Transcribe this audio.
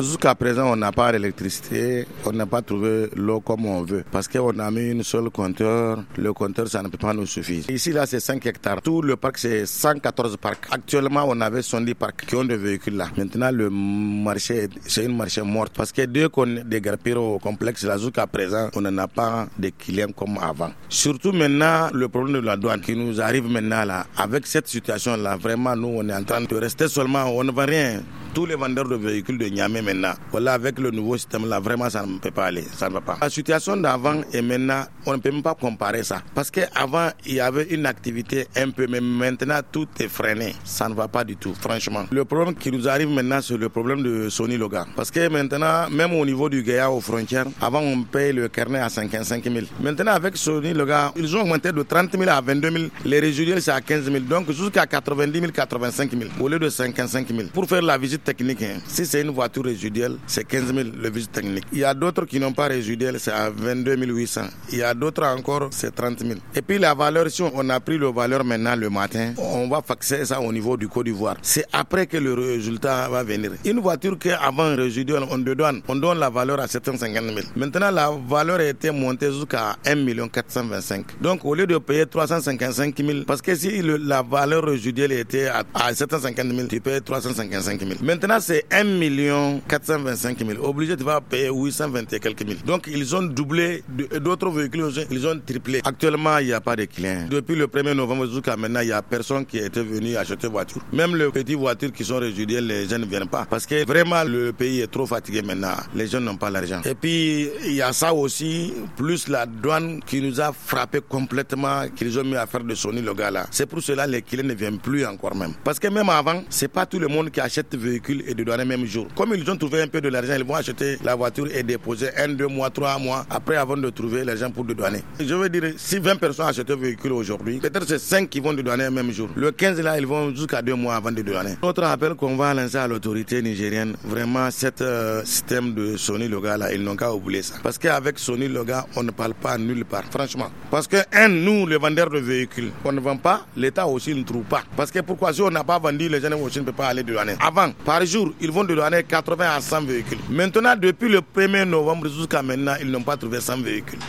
Jusqu'à présent, on n'a pas d'électricité, on n'a pas trouvé l'eau comme on veut, parce qu'on a mis une seule compteur. Le compteur, ça ne peut pas nous suffire. Ici, là, c'est 5 hectares. Tout le parc, c'est 114 parcs. Actuellement, on avait 110 parcs qui ont des véhicules là. Maintenant, le marché, c'est une marché morte, parce que dès qu'on dégarpire au complexe, là, jusqu'à présent, on n'a a pas de clients comme avant. Surtout maintenant, le problème de la douane qui nous arrive maintenant là, avec cette situation là, vraiment, nous, on est en train de rester seulement, on ne va rien tous les vendeurs de véhicules de Niamey maintenant, voilà, avec le nouveau système là, vraiment, ça ne peut pas aller. Ça ne va pas. La situation d'avant et maintenant, on ne peut même pas comparer ça. Parce qu'avant, il y avait une activité un peu, mais maintenant, tout est freiné. Ça ne va pas du tout, franchement. Le problème qui nous arrive maintenant, c'est le problème de Sony Loga. Parce que maintenant, même au niveau du Gaïa aux frontières, avant, on paye le carnet à 55 000. Maintenant, avec Sony Loga, ils ont augmenté de 30 000 à 22 000. Les résiduels, c'est à 15 000. Donc, jusqu'à 90 000, 85 000, au lieu de 55 000. Pour faire la visite, technique. Hein. Si c'est une voiture résiduelle, c'est 15 000 le visite technique. Il y a d'autres qui n'ont pas résiduelle c'est à 22 800. Il y a d'autres encore, c'est 30 000. Et puis la valeur, si on a pris le valeur maintenant le matin, on va faxer ça au niveau du Côte d'Ivoire. C'est après que le résultat va venir. Une voiture qu'avant résiduelle, on donne, on donne la valeur à 750 000. Maintenant, la valeur a été montée jusqu'à 1 425 000. Donc au lieu de payer 355 000, parce que si la valeur résiduelle était à, à 750 000, tu payes 355 000. Maintenant, c'est 1 425 000. Obligé, de vas payer 820 et quelques mille. Donc, ils ont doublé. Euh, d'autres véhicules, ils ont triplé. Actuellement, il n'y a pas de clients. Depuis le 1er novembre jusqu'à maintenant, il n'y a personne qui était venu acheter voiture. Même les petites voitures qui sont résiduelles, les jeunes ne viennent pas. Parce que vraiment, le pays est trop fatigué maintenant. Les gens n'ont pas l'argent. Et puis, il y a ça aussi, plus la douane qui nous a frappé complètement, qu'ils ont mis à faire de sonner le gars là. C'est pour cela que les clients ne viennent plus encore même. Parce que même avant, c'est pas tout le monde qui achète véhicules et de donner même jour. Comme ils ont trouvé un peu de l'argent, ils vont acheter la voiture et déposer un, deux mois, trois mois après avant de trouver les gens pour douaner. Je veux dire, si 20 personnes achètent un véhicule aujourd'hui, peut-être c'est 5 qui vont le le même jour. Le 15 là, ils vont jusqu'à deux mois avant de donner. Notre appel qu'on va lancer à l'autorité nigérienne, vraiment, cet euh, système de Sony Loga là, ils n'ont qu'à oublier ça. Parce qu'avec Sony Loga, on ne parle pas nulle part, franchement. Parce que, un, nous, les vendeurs de véhicules, on ne vend pas, l'État aussi ne trouve pas. Parce que pourquoi si on n'a pas vendu, les gens aussi ne peuvent pas aller douaner. Avant, par jour, ils vont de l'année 80 à 100 véhicules. Maintenant, depuis le 1er novembre jusqu'à maintenant, ils n'ont pas trouvé 100 véhicules.